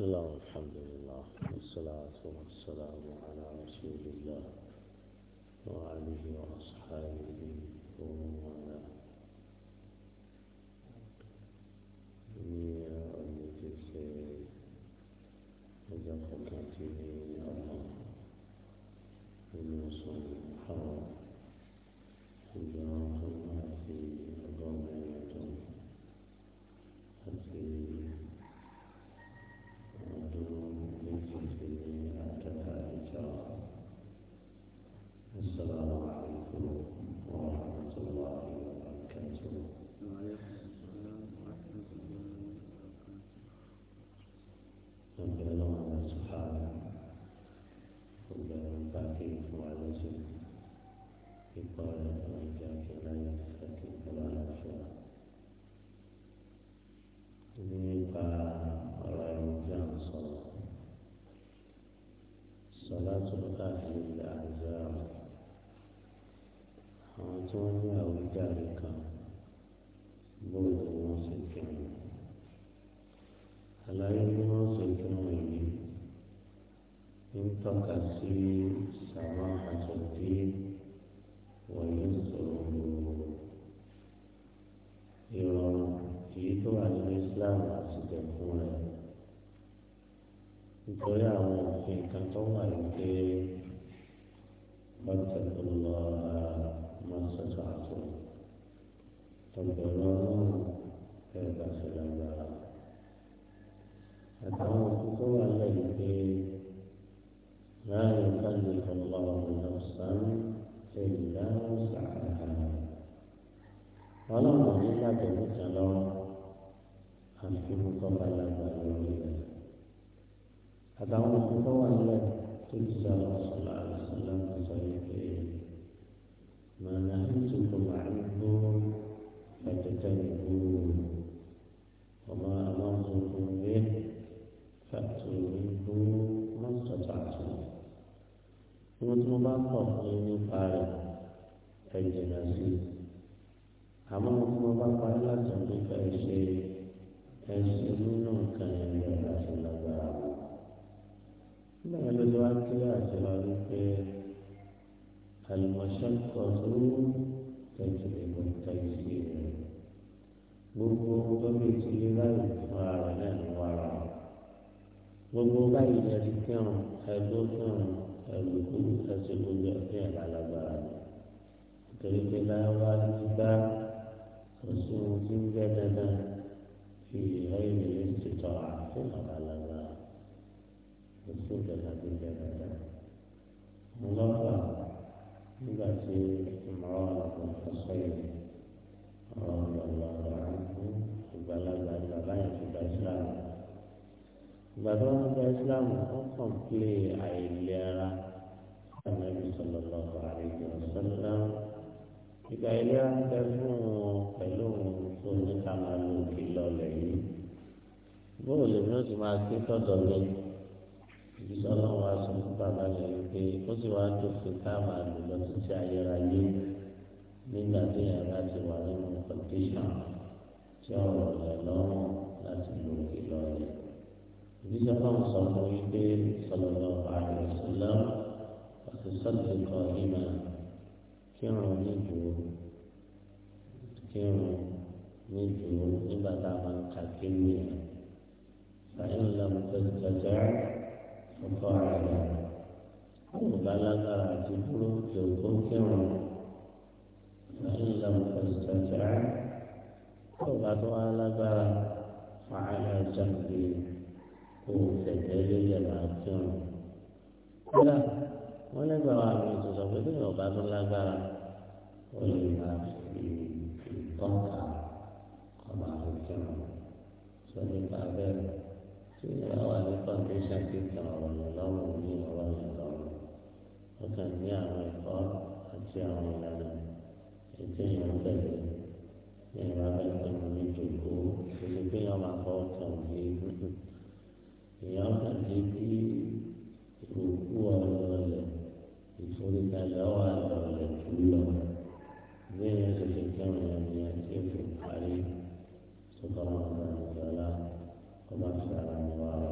السلام الله والحمد لله والصلاة والسلام على رسول الله وعلى آله وأصحابه يعين فوعد سنة يقال رجاك لا يفتك ولا أشوى نيقى رجاء صلاة صلاة الأهل الأعزاب وأنتم يا رجال nítorí àwọn òfin kan tó wà nígbè pàtàkùnlọ mọ́sọ̀tò àtò ọ̀gbọ̀nà ẹ̀ka ṣẹlẹ̀gbà àtàwọn òfin tó wà lẹ́yìn pé láàrin kájú ìfọ̀lọ́ ọ̀sán ìlà ọ̀sán ọlọ́run nígbà tó ń tẹ̀ lọ àfi kọ́ balẹ̀ balẹ̀ àtàwọn ọ̀tọ́ wà lẹ̀ tó ti sọ ọ̀sọ̀lá àṣìlá sọ wípé màá tó kọ̀ máa ń gbọ́ fàtẹ́tẹ́ ìgbòho ọmọ àwọn ọ̀gbọ̀n bẹ́ẹ̀ fàtẹ́ ìgbòho má sọ̀tà tó. Ibi tí mo bá kọ̀ ní nípa rẹ̀ ẹ̀jẹ̀ náà sí. Àmọ́ mo tí bá parí láti ọdún fẹ́ ṣe ẹ̀sìn nínú nǹkan ẹ̀rọ. sọ wípé àlùmọ̀ṣọ́kọ̀tò tẹ̀sílẹ̀mọ̀ tẹ̀sílẹ̀ gbogbo tóbi ti lé báyìí fún ara náà ní wàrà gbogbo báyìí ni ẹni kírun ẹgbẹ́ kírun ẹgbẹ́ kúrú ẹsẹ̀ gbogbo ẹ̀fẹ́ ẹ̀ lálágbára nítorí pé láwá nígbà kò sí ohun tí ń gbẹ dandan fi ìrẹ́yìn lè ṣètò àfihàn lálágbára kò sí ìjọba tó gbẹ dandan. mo lọ́kà nígbà tí ìmọ̀ràn àwọn ọ̀sọ̀ yìí àwọn ọ̀rọ̀ ọ̀rọ̀ àwọn ìgbàlagbà ni bàbá yẹn ti gba ìsìláàmù. ìgbà tó wọn gba ìsìláàmù wọn kàn pé àìlera ànábì sọlọ lọ́kọ̀ àríkè ọ̀sọ́lá ìgbà ìlera ń bẹ fún wọn pẹ̀lú ohun tó ní ká máa lò kí lọ́lẹ̀ yìí bóòlù ni ó ti máa ké tọ́dọ̀ lẹ́yìn ibi sọ́nà wa sọ fún bàbá rẹ̀ pé ó sì wá tó fi táwọn àlùlọ títí ayérayé nígbà tí yàrá láti wà nínú kọ̀ǹtíṣà tí ọ̀rọ̀ rẹ̀ lọ́rùn láti lò òkè lọ́rẹ̀. ibi sọ́nà wa sọ fún yín pé sọlọ́lọ́ àrẹ sílẹ̀ àti sọ́ọ̀tì kan ìmọ̀ kírun nídùú kírun nídùú nígbà tá a máa ń ka kí wíyà. فإن لم تستطع ọkọ ara rẹ̀ àwọn ọba alágbára àti dúró kéwù tó ń kírun lẹ́yìn ìlànà ìtàjà tó bá tó wá lágbára fàálà jàǹdì kó o fẹ̀gbẹ́ lélẹ̀ máa kírun. kódà wọ́n lẹ́gbàá wa àwọn ìtòsọ̀ pé ọba tó lágbára ó lè máa fi ìtọ́ka ọba àti kírun sọ nípa bẹ́ẹ̀ tí àwọn àlefà ń tẹ̀sí àkíkà ọ̀rọ̀ lọ́wọ́ ní ọ̀rọ̀ ìyàtọ̀ wọ́n kàn ní àwọn ẹ̀kọ́ àti àwọn ìlànà ètò ìyàn tẹ̀lé ní ìwà abẹ́tọ̀ ní ìjòkó ìṣe pé yàn máa kọ́ ọ̀tàn ní ìyàn kàn ní bí ìkókó ọ̀rọ̀ rẹ̀ ìforíkalẹ̀ ọ̀rọ̀ rẹ̀ jù lọ bí ìyẹn ṣe fi kẹ́rù yẹn ní àti ètò ìparí tó bá wọn lọ́wọ́ kọ́mọ́sí ara ní wàhálà.